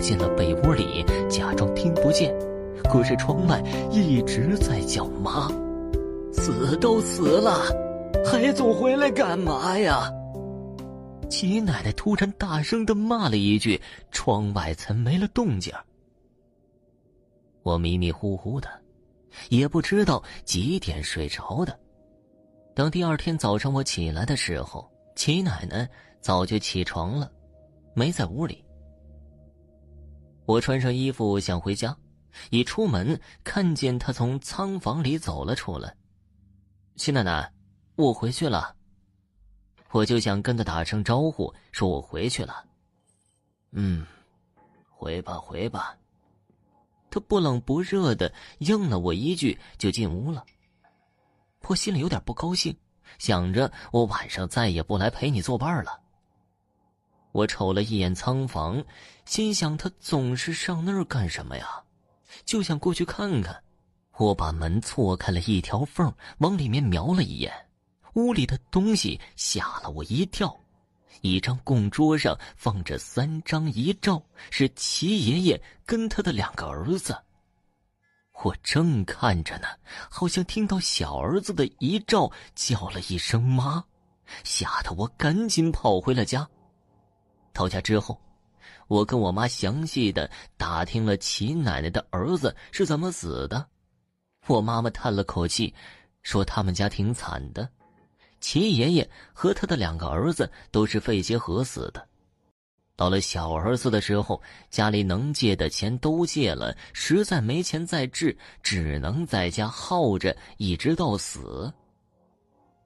進了被窩裡，假裝聽不見。可是窗外一直在叫媽，死都死了，還總回來幹嘛呀？齊奶奶突然大聲的罵了一句，窗外才沒了動靜。我迷迷糊糊的，也不知道幾點睡着的。等第二天早上我起來的時候，齊奶奶早就起床了，沒在屋裡。我穿上衣服想回家，一出門看見他從倉房裡走了出來。徐奶奶，我回去了。我就想跟他打聲招呼，說我回去了。嗯，回吧回吧。他不冷不熱的應了我一句，就進屋了。我心裡有點不高興，想着我晚上再也不來陪你作伴了。我瞅了一眼倉房，心想他總是上那兒幹什麼呀？就想過去看看。我把門錯開了一條縫，往裡面瞄了一眼，屋裡的東西嚇了我一跳。一張供桌上放着三張遺照，是齊爺爺跟他的兩個兒子。我正看着呢，好像聽到小兒子的遺照叫了一聲“媽”，嚇得我趕緊跑回了家。到家之後，我跟我媽詳細的打聽了齊奶奶的兒子是怎麼死的。我媽媽嘆了口氣，說他們家挺慘的，齊爺爺和他的兩個兒子都是肺結核死的。到了小兒子的時候，家裡能借的錢都借了，實在沒錢再治，只能在家耗着，一直到死。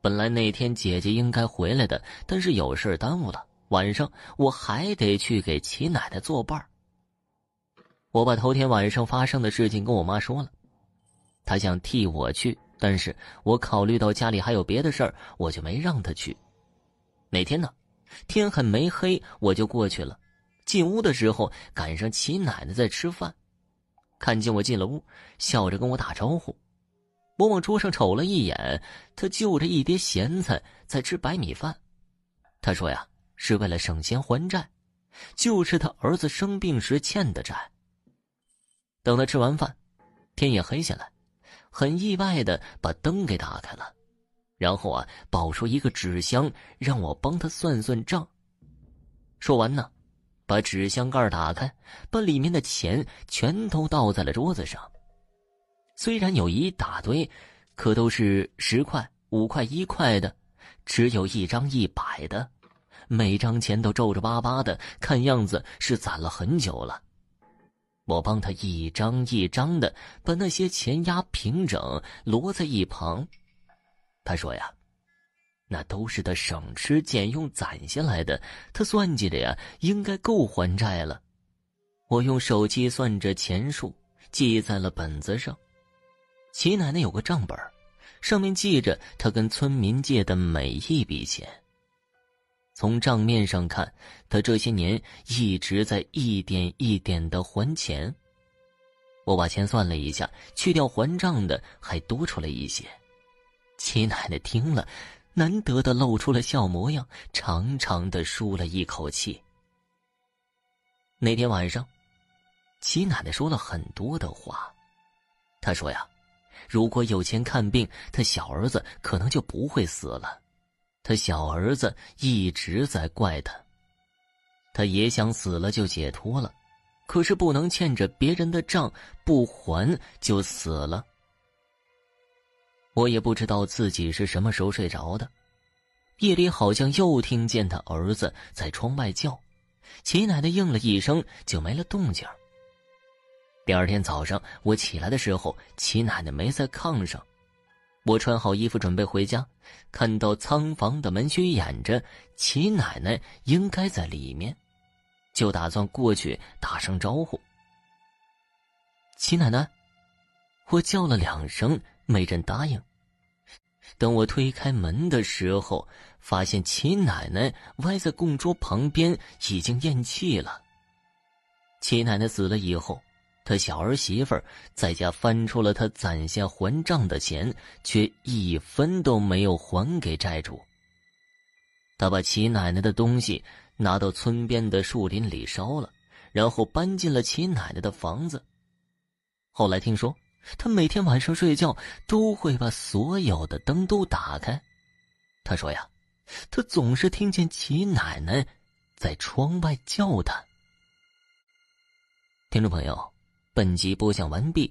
本來那天姐姐應該回來的，但是有事耽誤了。晚上我還得去給齊奶奶做伴兒。我把頭天晚上發生的事情跟我媽說了，她想替我去，但是我考慮到家裡還有別的事兒，我就沒讓她去。那天呢，天還沒黑，我就過去了。進屋的時候趕上齊奶奶在吃飯，看見我進了屋，笑着跟我打招呼。我往桌上瞅了一眼，她就着一碟鹹菜在吃白米飯。她說呀。是為了省錢還債，就是他兒子生病時欠的債。等他吃完飯，天也黑下來，很意外地把燈給打開了，然後啊，抱出一個紙箱讓我幫他算算賬。說完呢，把紙箱蓋打開，把裡面的錢全都倒在了桌子上。雖然有一大堆，可都是十塊、五塊、一塊的，只有一張一百的。每張錢都皺皺巴巴的，看樣子是攢了很久了。我幫他一張一張的把那些錢壓平整，摞在一旁。他說：“呀，那都是他省吃儉用攢下來的，他算計着呀，應該夠還債了。”我用手機算着錢數，記在了本子上。齊奶奶有個賬本，上面記着他跟村民借的每一筆錢。從賬面上看，他這些年一直在一點一點的還錢。我把錢算了一下，去掉還賬的，還多出了一些。齊奶奶聽了，難得的露出了笑模樣，長長的舒了一口氣。那天晚上，齊奶奶說了很多的話。她說呀，如果有錢看病，她小兒子可能就不會死了。他小兒子一直在怪他，他也想死了就解脫了，可是不能欠着別人的賬不還就死了。我也不知道自己是什麼時候睡着的，夜裡好像又聽見他兒子在窗外叫，齊奶奶應了一聲就沒了動靜。第二天早上我起來的時候，齊奶奶沒在炕上。我穿好衣服準備回家，看到倉房的門虛掩着，齊奶奶應該在裡面，就打算過去打聲招呼。齊奶奶，我叫了兩聲，沒人答應。等我推開門的時候，發現齊奶奶歪在供桌旁邊，已經嚥氣了。齊奶奶死了以後。他小兒媳婦在家翻出了他攢下還賬的錢，卻一分都沒有還給債主。他把齊奶奶的東西拿到村邊的樹林裡燒了，然後搬進了齊奶奶的房子。後來聽說，他每天晚上睡覺都會把所有的燈都打開。他說呀，他總是聽見齊奶奶在窗外叫他。聽眾朋友。本集播講完畢。